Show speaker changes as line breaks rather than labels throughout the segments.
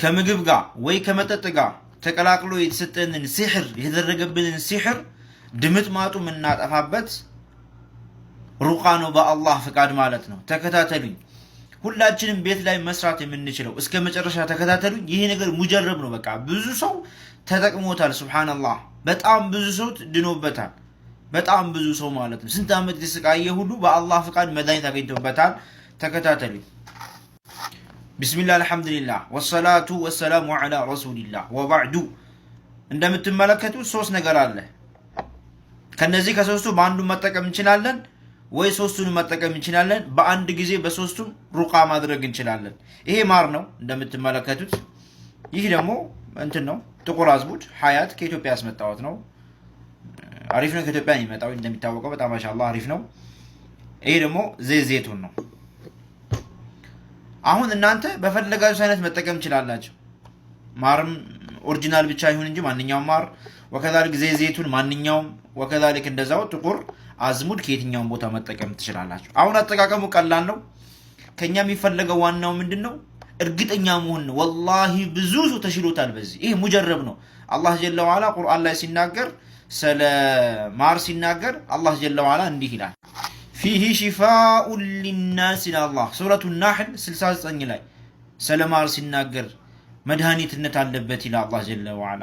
ከምግብ ጋር ወይ ከመጠጥ ጋር ተቀላቅሎ የተሰጠንን ሲሕር የተደረገብንን ሲሕር ድምጥ ማጡ የምናጠፋበት ሩቃ ነው፣ በአላህ ፍቃድ ማለት ነው። ተከታተሉኝ። ሁላችንም ቤት ላይ መስራት የምንችለው እስከ መጨረሻ ተከታተሉኝ። ይሄ ነገር ሙጀረብ ነው። በቃ ብዙ ሰው ተጠቅሞታል። ሱብሓነላህ በጣም ብዙ ሰው ድኖበታል። በጣም ብዙ ሰው ማለት ነው። ስንት ዓመት የተሰቃየ ሁሉ በአላህ ፍቃድ መድኃኒት አገኝቶበታል። ተከታተሉኝ። ቢስሚላ አልሐምዱሊላህ ወሰላቱ ወሰላሙ ዓላ ረሱሊላህ ወባዕዱ። እንደምትመለከቱት ሶስት ነገር አለ። ከነዚህ ከሶስቱ በአንዱን መጠቀም እንችላለን ወይ ሶስቱን መጠቀም እንችላለን። በአንድ ጊዜ በሶስቱም ሩቃ ማድረግ እንችላለን። ይሄ ማር ነው እንደምትመለከቱት። ይህ ደግሞ እንትን ነው ጥቁር አዝሙድ ሀያት ከኢትዮጵያ ያስመጣሁት ነው። አሪፍ ነው። ከኢትዮጵያ የሚመጣው እንደሚታወቀው። በጣም ማሻአላህ አሪፍ ነው። ይሄ ደግሞ ዘይት ዘይቱን ነው። አሁን እናንተ በፈለጋችሁ አይነት መጠቀም ትችላላችሁ። ማርም ኦሪጂናል ብቻ ይሁን እንጂ ማንኛውም ማር ወከዛልክ ዘይቱን ማንኛውም ወከዛሊክ እንደዛው ጥቁር አዝሙድ ከየትኛውም ቦታ መጠቀም ትችላላችሁ። አሁን አጠቃቀሙ ቀላል ነው። ከኛ የሚፈለገው ዋናው ምንድን ነው? እርግጠኛ መሆን ነው። ወላሂ ብዙ ሰው ተሽሎታል በዚህ። ይህ ሙጀረብ ነው። አላህ ጀለ ዋላ ቁርአን ላይ ሲናገር ስለ ማር ሲናገር አላህ ጀለ ዋላ እንዲህ ይላል ፊሂ ሺፋኡን ሊናስ ይላላህ ሱረቱ ናሕል 69 ላይ ሰለማር ሲናገር መድኃኒትነት አለበት ይላ አላህ ጀለ ወዓላ።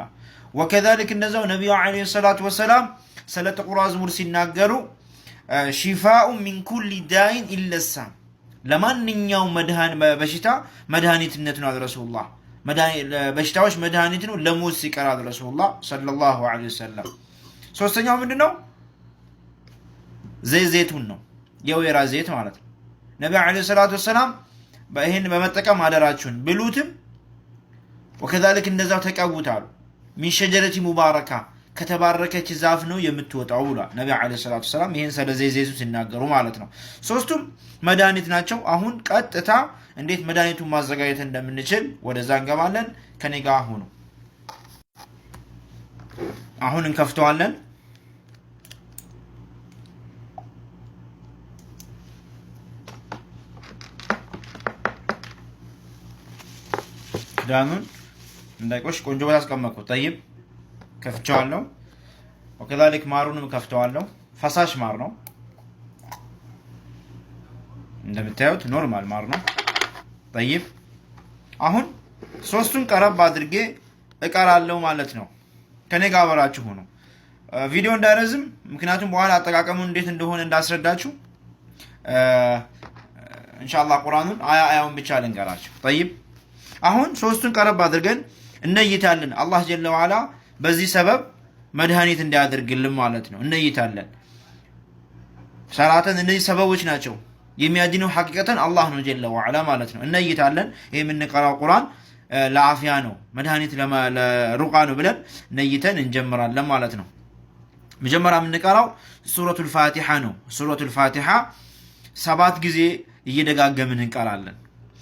ወከዛሊክ እነዛው ነቢዩ ዓለይሂ ሰላቱ ወሰላም ስለ ጥቁር አዝሙር ሲናገሩ ሺፋኡን ሚን ኩሊ ዳይን ይለሳ ለማንኛውም በሽታ መድኃኒትነት ነው አለ ረሱሉላህ። በሽታዎች መድኃኒት ነው ለሞት ሲቀር አለ ረሱሉላህ ሰለላሁ ዓለይሂ ወሰለም። ሶስተኛው ምንድ ነው? ዘይት ነው የወይራ ዘይት ማለት ነው። ነቢ ዓለይሂ ሰላቱ ወሰላም ይህን በመጠቀም አደራችሁን ብሉትም ወከዛልክ እንደዛው ተቀውታሉ። ሚን ሸጀረቲ ሙባረካ ከተባረከች ዛፍ ነው የምትወጣው ብሏል ነቢ ዓለይሂ ሰላቱ ወሰላም። ይህን ስለ ዘይቱ ሲናገሩ ማለት ነው። ሶስቱም መድኃኒት ናቸው። አሁን ቀጥታ እንዴት መድኃኒቱን ማዘጋጀት እንደምንችል ወደዛ እንገባለን። ከኔ ጋር ሁኑ። አሁን እንከፍተዋለን። ክዳኑን እንዳይቆሽ ቆንጆ ቦታ አስቀመጥኩ። ጠይብ ከፍቸዋለሁ። ወከዛሊክ ማሩንም ከፍተዋለሁ። ፈሳሽ ማር ነው እንደምታዩት፣ ኖርማል ማር ነው። ጠይብ አሁን ሶስቱን ቀረብ አድርጌ እቀራለሁ ማለት ነው። ከኔ ጋር ሆኖ ቪዲዮ እንዳይረዝም፣ ምክንያቱም በኋላ አጠቃቀሙን እንዴት እንደሆነ እንዳስረዳችሁ እንሻላ ቁራኑን አያ አያውን ብቻ ልንገራችሁ። ጠይብ አሁን ሶስቱን ቀረብ አድርገን እነይታለን። አላህ ጀለ ዋላ በዚህ ሰበብ መድኃኒት እንዲያደርግልን ማለት ነው። እነይታለን ሰላተን እነዚህ ሰበቦች ናቸው። የሚያድነው ሐቂቀተን አላህ ነው ጀለ ዋላ ማለት ነው። እነይታለን ይህ የምንቀራው ቁርአን ለአፍያ ነው መድኃኒት ለሩቃ ነው ብለን ነይተን እንጀምራለን ማለት ነው። መጀመሪያ የምንቀራው ሱረቱል ልፋቲሓ ነው። ሱረቱል ልፋቲሓ ሰባት ጊዜ እየደጋገምን እንቀራለን።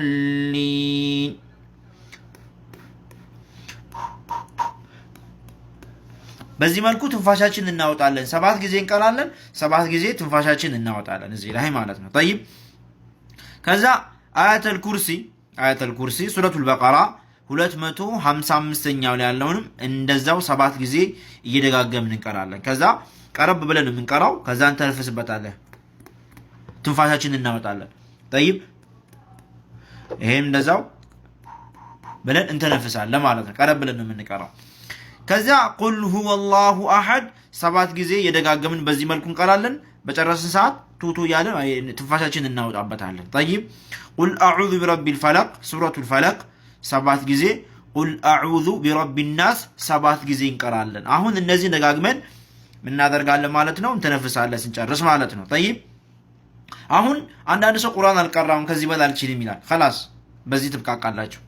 الضالين በዚህ መልኩ ትንፋሻችን እናወጣለን። ሰባት ጊዜ እንቀራለን፣ ሰባት ጊዜ ትንፋሻችን እናወጣለን። እዚህ ላይ ማለት ነው። ጠይብ ከዛ አያተል ኩርሲ አያተል ኩርሲ ሱረቱል በቀራ 255ኛው ላይ ያለውንም እንደዛው ሰባት ጊዜ እየደጋገምን እንቀራለን። ከዛ ቀረብ ብለን የምንቀራው ከዛ እንተነፍስበታለን፣ ትንፋሻችን እናወጣለን። ጠይብ ይሄም እንደዛው ብለን እንተነፍሳለን ማለት ነው። ቀረብ ብለን ነው የምንቀራው። ከዚያ ቁል ሁወ ላሁ አሐድ ሰባት ጊዜ የደጋገምን በዚህ መልኩ እንቀራለን። በጨረስን ሰዓት ቱቱ እያለን ትንፋሻችን እናወጣበታለን። ጠይብ ቁል አዑዙ ቢረቢ ልፈለቅ ሱረቱ ልፈለቅ ሰባት ጊዜ፣ ቁል አዑዙ ናስ ሰባት ጊዜ እንቀራለን። አሁን እነዚህን ደጋግመን እናደርጋለን ማለት ነው። እንተነፍሳለን ስንጨርስ ማለት ነው። ጠይብ አሁን አንዳንድ ሰው ቁርአን አልቀራውን ከዚህ በላይ አልችልም ይላል። ከላስ በዚህ ትብቃቃላችሁ።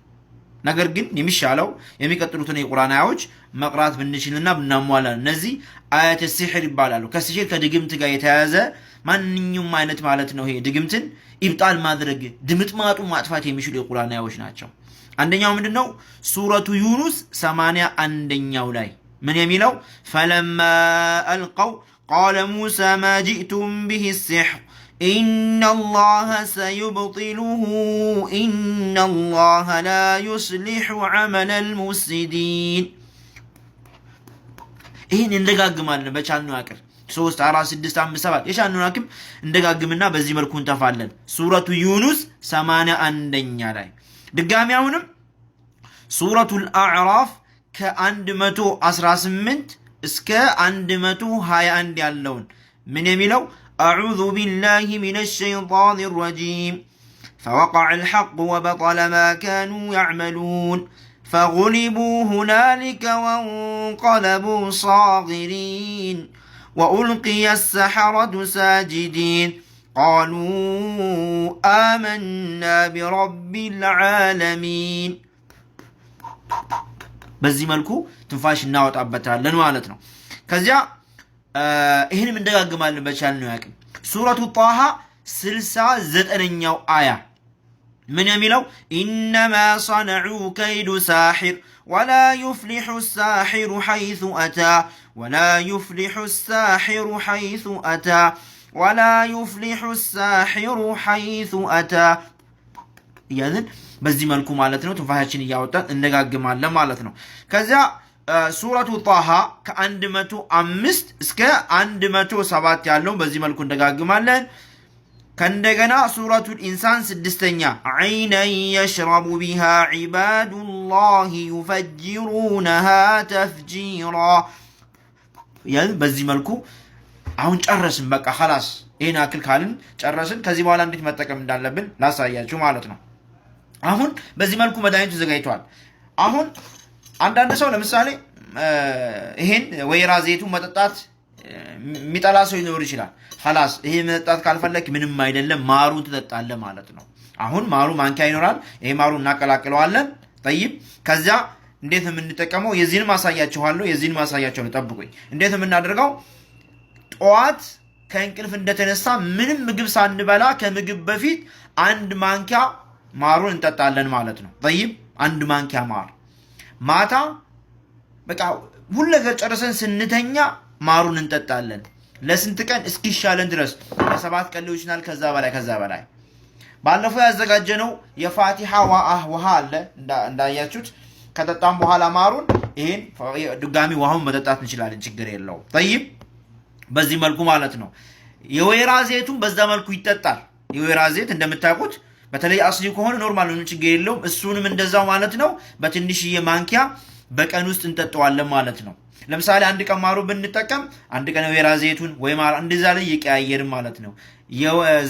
ነገር ግን የሚሻለው የሚቀጥሉትን የቁርአን አያዎች መቅራት ብንችልና ብናሟላ። እነዚህ አያተ ሲሕር ይባላሉ። ከሲሕር ከድግምት ጋር የተያያዘ ማንኛውም አይነት ማለት ነው። ይሄ ድግምትን ኢብጣል ማድረግ ድምጥማጡ ማጥፋት የሚችሉ የቁርአን አያዎች ናቸው። አንደኛው ምንድን ነው? ሱረቱ ዩኑስ ሰማንያ አንደኛው ላይ ምን የሚለው ፈለማ አልቀው ቃለ ሙሳ ማ ጂእቱም ብሂ ሲሕር إن الله سيبطله إن الله لا يصلح عمل المفسدين ይህን እንደጋግማለን በቻልነው አቅም ሶስት አራት ስድስት አምስት ሰባት የቻልነውን አቅም እንደጋግምና በዚህ መልኩ እንጠፋለን። ሱረቱ ዩኑስ ሰማንያ አንደኛ ላይ ድጋሚ አሁንም ሱረቱል አዕራፍ ከአንድ መቶ አስራ ስምንት እስከ አንድ መቶ ሀያ አንድ ያለውን ምን የሚለው أعوذ بالله من الشيطان الرجيم فوقع الحق وبطل ما كانوا يعملون فغلبوا هنالك وانقلبوا صاغرين وألقي السحرة ساجدين قالوا آمنا برب العالمين بزي ملكو تنفاش እናወጣበታለን ማለት لنوالتنا ከዚያ ይህንም እንደጋግማለን ነው ያቅም። ሱረቱ ጣሃ ስልሳ ዘጠነኛው አያ ምን የሚለው ኢነማ ሰነዑ ከይዱ ሳሒር ወላ ዩፍሊሑ ሳሒሩ ሐይሱ አታ ወላ ዩፍሊሑ ሳሒሩ ሐይሱ አታ ወላ ዩፍሊሑ ሳሒሩ ሐይሱ አታ እያልን በዚህ መልኩ ማለት ነው ትንፋሻችን እያወጣን እንደጋግማለን ማለት ነው ከዚያ ሱረቱ ጣሃ ከ አምስት እስከ ሰባት ያለው በዚህ መልኩ እንደጋግማለን። ከእንደገና ሱረቱ ኢንሳን ስድስተኛ ዐይነን የሽረቡ ቢሃ ዒባዱላህ ዩፈጅሩነሃ ተፍጂራ በዚህ መልኩ አሁን ጨረስን። በቃ ኸላስ ይህን አክል ካልን ጨረስን። ከዚህ በኋላ እንዴት መጠቀም እንዳለብን ላሳያችሁ ማለት ነው። አሁን በዚህ መልኩ መድኃኒቱ ተዘጋጅቷል። አሁን አንዳንድ ሰው ለምሳሌ ይሄን ወይራ ዘይቱን መጠጣት የሚጠላ ሰው ሊኖር ይችላል። ላስ ይሄ መጠጣት ካልፈለግ ምንም አይደለም፣ ማሩ ትጠጣለህ ማለት ነው። አሁን ማሩ ማንኪያ ይኖራል። ይሄ ማሩ እናቀላቅለዋለን። ጠይብ ከዚያ እንዴት የምንጠቀመው የዚህን ማሳያችኋለሁ፣ የዚህን ማሳያቸው ጠብቁኝ። እንዴት የምናደርገው ጠዋት ከእንቅልፍ እንደተነሳ ምንም ምግብ ሳንበላ ከምግብ በፊት አንድ ማንኪያ ማሩን እንጠጣለን ማለት ነው። ጠይብ አንድ ማንኪያ ማር ማታ በቃ ሁሉ ነገር ጨርሰን ስንተኛ ማሩን እንጠጣለን። ለስንት ቀን እስኪሻለን ድረስ ለሰባት ቀን ሊሆን ይችላል። ከዛ በላይ ከዛ በላይ ባለፈው ያዘጋጀነው የፋቲሃ ውሃ አለ እንዳያችሁት። ከጠጣም በኋላ ማሩን ይህን ድጋሚ ውሃውን መጠጣት እንችላለን። ችግር የለው። ጠይብ በዚህ መልኩ ማለት ነው። የወይራ ዘይቱን በዛ መልኩ ይጠጣል። የወይራ ዜት እንደምታውቁት በተለይ አስሊ ከሆነ ኖርማል ሆኑ ችግር የለውም። እሱንም እንደዛው ማለት ነው። በትንሽዬ ማንኪያ በቀን ውስጥ እንጠጠዋለን ማለት ነው። ለምሳሌ አንድ ቀን ማሩ ብንጠቀም አንድ ቀን ወይራ ዘይቱን ማር እንደዛ ላይ እየቀያየርን ማለት ነው።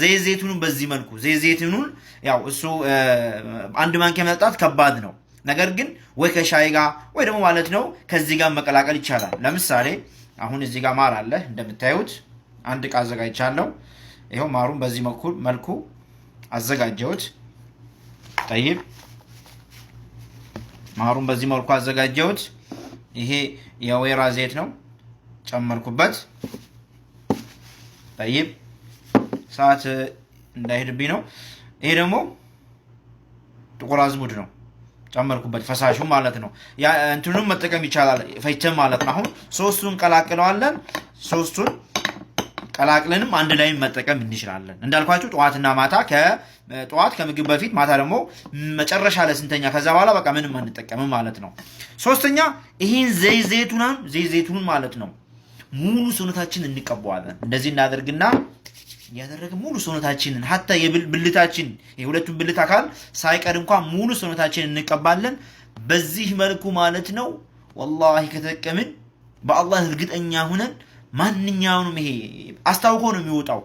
ዘይት ዘይቱን በዚህ መልኩ ዘይት ዘይቱን ያው እሱ አንድ ማንኪያ መጠጣት ከባድ ነው። ነገር ግን ወይ ከሻይ ጋር ወይ ደግሞ ማለት ነው ከዚህ ጋር መቀላቀል ይቻላል። ለምሳሌ አሁን እዚህ ጋር ማር አለ እንደምታዩት አንድ ዕቃ አዘጋጅቻለሁ። ይኸው ማሩን በዚህ መልኩ አዘጋጀሁት። ጠይብ ማሩን በዚህ መልኩ አዘጋጀሁት። ይሄ የወይራ ዘይት ነው ጨመርኩበት። ጠይብ ሰዓት እንዳይሄድብኝ ነው። ይሄ ደግሞ ጥቁር አዝሙድ ነው ጨመርኩበት፣ ፈሳሹ ማለት ነው። እንትኑም መጠቀም ይቻላል ፈጭተን ማለት ነው። አሁን ሶስቱን ቀላቅለዋለን። ሶስቱን ቀላቅለንም አንድ ላይ መጠቀም እንችላለን። እንዳልኳችሁ ጠዋትና ማታ ጠዋት ከምግብ በፊት ማታ ደግሞ መጨረሻ ለስንተኛ ከዛ በኋላ በቃ ምንም አንጠቀምም ማለት ነው። ሶስተኛ ይህን ዘይት ዘይቱናን ማለት ነው ሙሉ ሰውነታችን እንቀበዋለን። እንደዚህ እናደርግና እያደረገ ሙሉ ሰውነታችንን ሀታ የብልታችን የሁለቱን ብልት አካል ሳይቀር እንኳ ሙሉ ሰውነታችንን እንቀባለን። በዚህ መልኩ ማለት ነው ወላሂ ከተጠቀምን በአላህ እርግጠኛ ሁነን ማንኛውንም ይሄ አስታውቆ ነው የሚወጣው።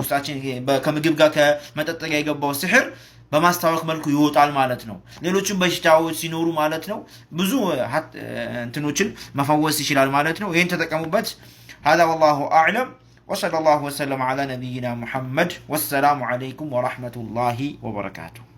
ውስጣችን ከምግብ ጋር ከመጠጥ ጋር የገባው ስሕር በማስታወክ መልኩ ይወጣል ማለት ነው። ሌሎችም በሽታዎች ሲኖሩ ማለት ነው ብዙ እንትኖችን መፈወስ ይችላል ማለት ነው። ይህን ተጠቀሙበት። ሀዛ ወላሁ አዕለም። ወሰለላሁ ወሰለም ዐላ ነቢይና ሙሐመድ ወሰላሙ ዐለይኩም ወረሕመቱላሂ ወበረካቱሁ።